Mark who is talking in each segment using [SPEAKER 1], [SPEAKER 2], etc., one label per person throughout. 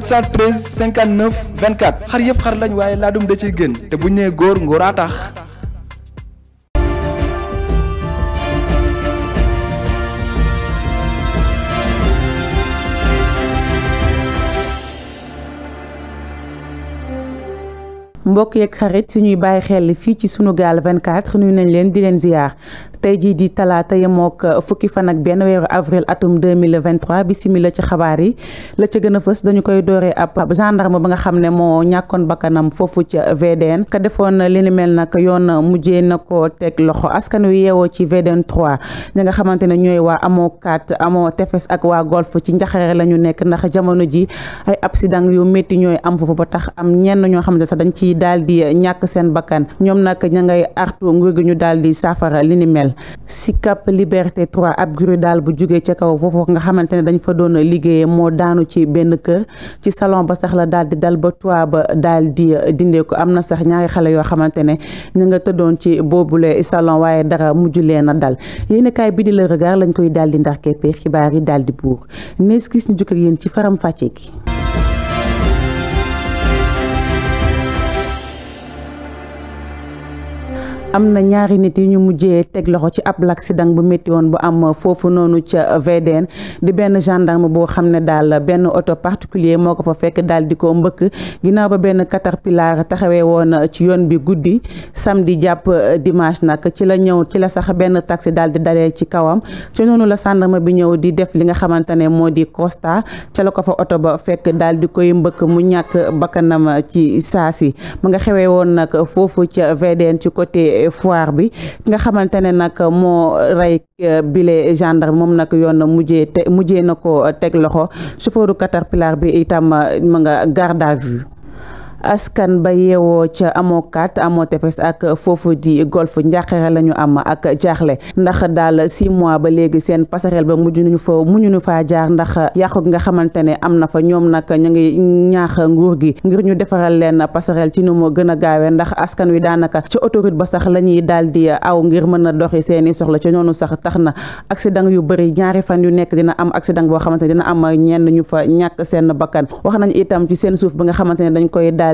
[SPEAKER 1] 713 59 24 xar yëpp xar lañ waaye laadum da ciy gën te bu ñu nee góor ngóoraa tax.
[SPEAKER 2] mbokk yeeg xarit suñuy bàyyi xel fii ci sunu gaal 24 nuyu nañ leen di leen ziar tey jii di talaata yemook uh, fukki fan ak benn weeru avril atum 2023 bisimila ci xabaar yi la ca gën a fës dañu koy dooree ab gendarme ba nga xam ne moo ñàkkoon bakkanam foofu ca VDN ka defoon li ni mel nag yoon mujjee na ko teg loxo askan wi yeewoo ci VDN 3 ñi nga xamante ne ñooy waa amoo kat amoo tefes ak waa golf ci njaxare la ñu nekk ndax jamono ji ay accident yu métti ñooy am foofu ba tax am ñenn ñoo xamante sax dañ ciy daal di ñàkk seen bakkan ñoom nag ña ngay artu nguur ñu daal di saafara li mel Sicap Liberté 3 ab daal bu jugee ca kaw foofu nga xamante ne dañ fa doon liggéeyee moo daanu ci benn kër ci salon ba sax la daal di dal ba toit ba daal di dindee ko am na sax ñaari xale yoo xamante ne ñu nga tëddoon ci boobule salon waaye dara mujju leen a dal yéen kaay bi di la regard lañ koy daal di ndax keppee xibaar yi daal di buur nees gis ñu jukk ak yéen ci faram fàcce gi am na ñaari nit yi ñu mujjee teg loxo ci ab l'accident bu métti woon bu am foofu noonu ca VDN di benn gendarme boo xam ne daal benn auto particulier moo ko fa fekk daal di ko mbëkk ginnaaw ba benn caterpillar taxawee woon ci yoon bi guddi samedi jàpp dimanche nag ci la ñëw ci la sax benn taxi daal di dalee ci kawam noonu la gendarme bi ñëw di def li nga xamante ne moo di constat ca la ko oto ba fekk daal di koy mbëkk mu ñàkk bakkanam ci saa si mu nga xewee woon nag foofu ca VDN ci côté foire bi nga xamante ne nag moo rey euh, bile gendre moom nag yoon mujjee te mujjee na ko teg loxo chauffeuru Caterpillar bi itam euh, ma nga garde à vue askan ba yeewoo ca amoo kat amoo tefes ak foofu di golf njàqare la ñu am ak jaaxle ndax daal six mois ba léegi seen passerelle ba mujj nañu fa muñuñu faa jaar ndax yàqu gi nga xamante ne am na fa ñoom nag ñu ngi ñaax nguur gi ngir ñu defaral leen passerelle ci nu mu gën a gaawee ndax askan wi daanaka ci autoroute ba sax la ñuy daal di aw ngir mën a doxi seeni soxla ci noonu sax tax na accident yu bëri ñaari fan yu nekk dina am accident boo xamante ne dina am ñenn ñu fa ñàkk seen bakkan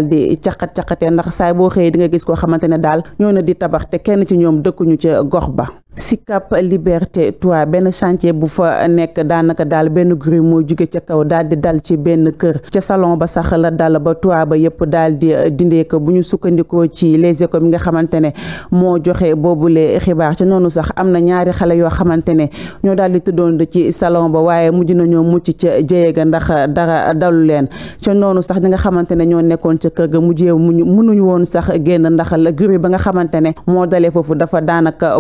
[SPEAKER 2] daal di caqat caqatee ndax saay boo xëyee di nga gis koo xamante ne daal ñoo na di tabax te kenn ci ñoom dëkkuñu ca gox ba Sicap Liberté 3 benn chantier bu fa nekk daanaka daal benn grue moo jóge ca kaw daal di dal ci benn kër ca salon ba sax la dal ba toit ba yëpp daal di eh, dindee ko bu ñu sukkandikoo ci Les Échos bi nga xamante ne moo joxe boobule xibaar ci noonu sax am na ñaari xale yoo xamante ne ñoo daal di tuddoon ci salon ba waaye mujj nañoo mucc ca jëye ga ndax dara dalu leen ca noonu sax ñi nga xamante ne ñoo nekkoon ca kër ga mujjee mu muñu mënuñu woon sax génn ndax la grue ba nga xamante ne moo dalee foofu dafa daanaka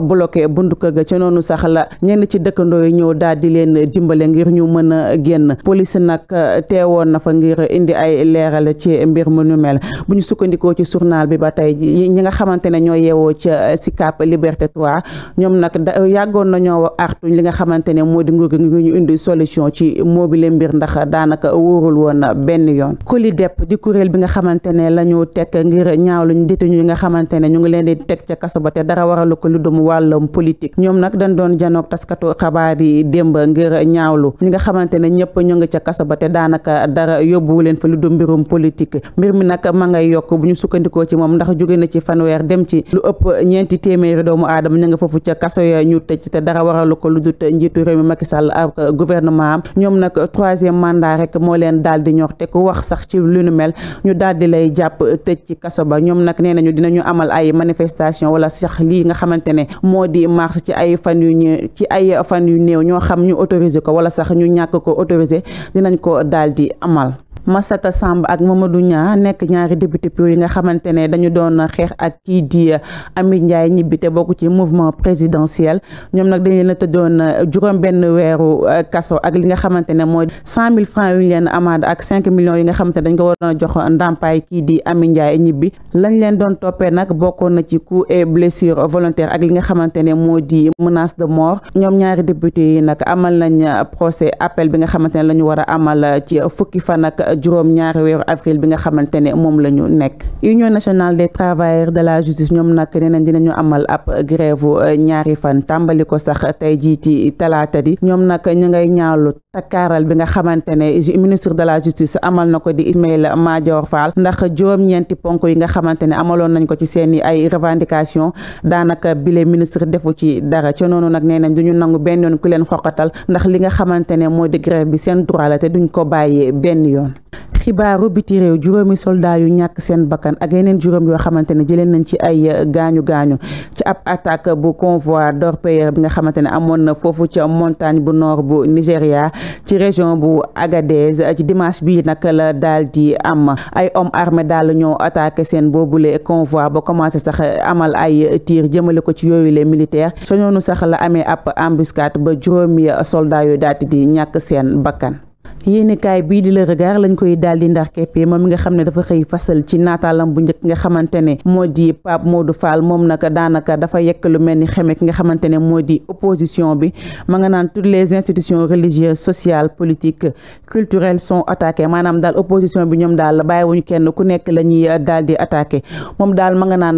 [SPEAKER 2] buntu kër ga ca noonu sax la yi ñëw daal di leen dimbale ngir ñu mën a génn police nag teewoon na fa ngir indi ay leeral ci mbir mu ñu bu ñu sukkandikoo ci journal bi ba tey ñi nga xamante ne ñoo yeewoo ca Sicap Liberté 3 ñoom nag da yàggoon nañoo artuñ li nga xamante ne moo di nguur gi ñu indi solution ci mobile mbir ndax daanaka wóorul woon benn yoon COLIDEP di kuréel bi nga xamante ne la ñu teg ngir ñaaw luñ détenu yi nga xamante ne ñu ngi leen di ca kaso ba te dara waralu ko lu dum wàllum politique politique ñoom nag dañ doon janoog taskatu xabaar yi nga xamante ne ñëpp ñu ngi ca kaso ba te daanaka dara yóbbuwu leen fa lu du mbirum politique mbir nag ma ngay yokk bu ñu sukkandikoo ci moom ndax jóge na ci fanweer dem ci lu ëpp ñeenti doomu aadama ña nga foofu ca kaso ya ñu tëj te dara waralu ko lu dut njiitu réew mi Macky Sall ak gouvernement am ñoom nag troisième mandat rek moo leen daal di ñor te ku wax sax ci lu nu mel ñu daal di lay jàpp tëj ci kaso ba ñoom nag nee nañu dinañu amal ay manifestation wala sax lii nga xamante moo di mars ci ay fan yu ñu ci ay fan yu néew ñoo xam ñu autorisé ko wala sax ñu ñàkk ko autorisé dinañ ko daal di amal Massata semb ak Mamadou Niang nekk ñaari député pur yi nga xamante ne dañu doon xeex ak kii di euh, Ami Ndiaye ñibbi te bokk ci mouvement présidentiel ñoom nag dañ leen a tëddoon euh, juróom benn weeru euh, kaso ak li nga xamante ne mooy cent mille francs yu leen amende ak cinq millions yi nga xamante dañ ko waroon a jox ndàmpaay kii di Ami ñibbi lañ leen doon toppee nag bokkoon na ci coups et blessures volontaires ak li nga xamante ne moo di menace de mort ñoom ñaari député yi nag amal nañ procès appel bi nga xamante ne la war a amal ci fukki fan ak juróom ñaari weeru avril bi nga xamante ne moom la ñu nekk union nationale des travailleurs de la justice ñoom nag nee nañ dinañu amal ab grève ñaari fan tàmbali ko sax tey jii ci talaata di ñoom nag ñu ngay ñaawlu takkaaral bi nga xamante ne ministre de la justice amal na ko di Ismaïla Madior Fall ndax juróom-ñeenti ponk yi nga xamante ne amaloon nañ ko ci seeni ay revendication daanaka bile ministre defu ci dara ca noonu nag nee nañ duñu nangu benn yoon ku leen xoqatal ndax li nga xamante ne moo di grève bi seen droit la te duñ ko bàyyee benn yoon xibaaru biti réew juróomi soldat yu ñàkk seen bakkan ak yeneen juróom yoo xamante ne jëleen nañ ci ay gaañu gaañu ci ab attaque bu convoi d'orpailleurs bi nga xamante ne amoon na foofu ca montagne bu nord bu Nigéria ci région bu Agadez ci dimanche bi nag la daal di am ay om armés daal ñoo attaque seen boobule convoi ba commencé sax amal ay tir jëmale ko ci yooyu les militaires so sax la amee ab embuscade ba juróomi soldat yu daal di ñàkk seen bakkan yéenekaay bii di la regard lañ koy daal di ndax keppe moom mi nga xam ne dafa xëy fasal ci nataalam bu njëkk nga xamante ne moo di Pape Modou Fall moom naka daanaka dafa yekk lu mel ni xeme ki nga xamante ne moo di opposition bi ma nga naan toutes les institutions religieuses sociales politiques culturelles son attaquées maanaam daal opposition bi ñoom daal bàyyi wuñ kenn ku nekk la ñuy daal di attaqué moom daal ma nga naan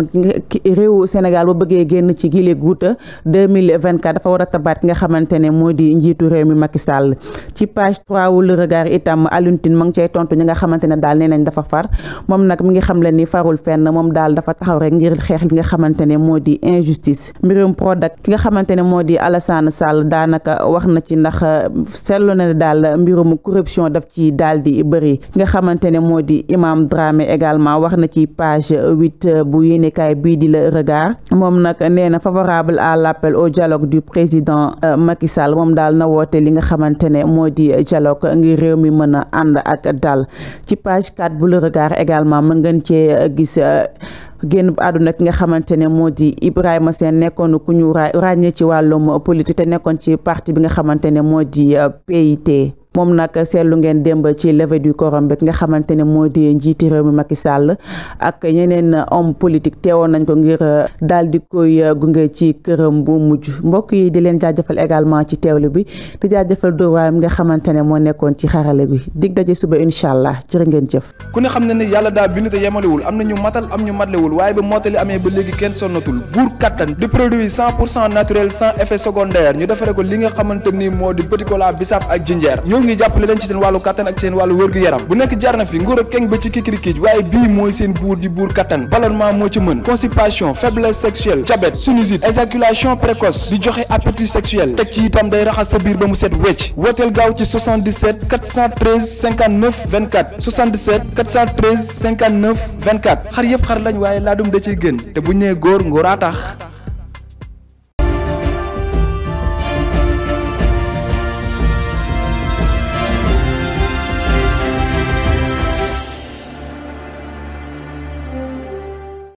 [SPEAKER 2] réewu Sénégal ba bëggee génn ci gile guuta 2024 dafa war a tabaat ki nga xamante ne moo di njiitu réew mi Macky Sall teewul regard itam Alioune Tine ma ngi cay tontu ñi nga xamante ne daal nee nañ dafa far moom nag mi ngi xam le ni farul fenn moom daal dafa taxaw rek ngir xeex li nga xamante ne moo di injustice mbirum Prodac ki nga xamante ne moo di Alassane daanaka wax na ci ndax euh, seetlu na ne daal mbirum corruption daf ci daal di bëri ki nga xamante ne moo di Imam Dramé également wax na ci page huit euh, bu yéenekaay bii di le regard moom nag nee na favorable à l'appel au dialogue du président euh, na woote li nga xamante ne moo di ngir réew mi mën a ànd ak dal ci page 4 bu le regard également mën ngeen cee euh, gis euh, génn bu àdduna ki nga xamante ne moo di Ibrahima seen nekkoon ku ñu ràññee ci wàllum politique te nekkoon ci partie bi nga xamante ne moo di euh, PIT. moom nag seetlu ngeen démb ci levée du corps bi nga xamante ne moo di njiiti réew mi Macky Sall ak ñeneen homme politique teewoon nañ ko ngir euh, daal di koy euh, gunge ci këram bu mujj mbokk yi di leen jaajëfal également ci teewlu bi di jaajëfal doowaayam nga xamante ne moo nekkoon ci xarale bi dig daje suba incha allah ngeen jëf.
[SPEAKER 1] ku ne xam na ne yàlla daa bind te yemalewul am na ñu matal am ñu matlewul waaye ba mottali amee ba léegi kenn sonnatul li nga xamante ni moo ngi jàppale leen ci seen wàllu kattan ak seen wàllu wërgu yaram bu nekk jar na fi nguur ak keng ba ci kikirikiij waaye bii mooy seen buur di buur kattan ballonnement moo ci mën constipation faiblesse sexuelle diabète sinusite éjaculation précoce di joxe appétit sexuel teg ci itam day raxas sa biir ba mu set wecc wooteel gaaw ci 77 413 59 24 77 413 59 24 xar yëpp xar lañ waaye laadum da ciy gën te bu ñu nee góor ngóoraa tax